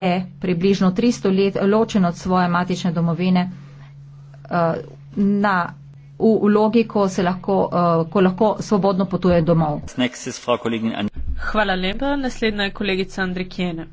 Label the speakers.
Speaker 1: je približno 300 let ločen od svoje matične domovine eh, na v vlogi, ko, se lahko, eh, ko lahko svobodno potuje domov.
Speaker 2: Hvala lepa. Naslednja je kolegica Andrikjene.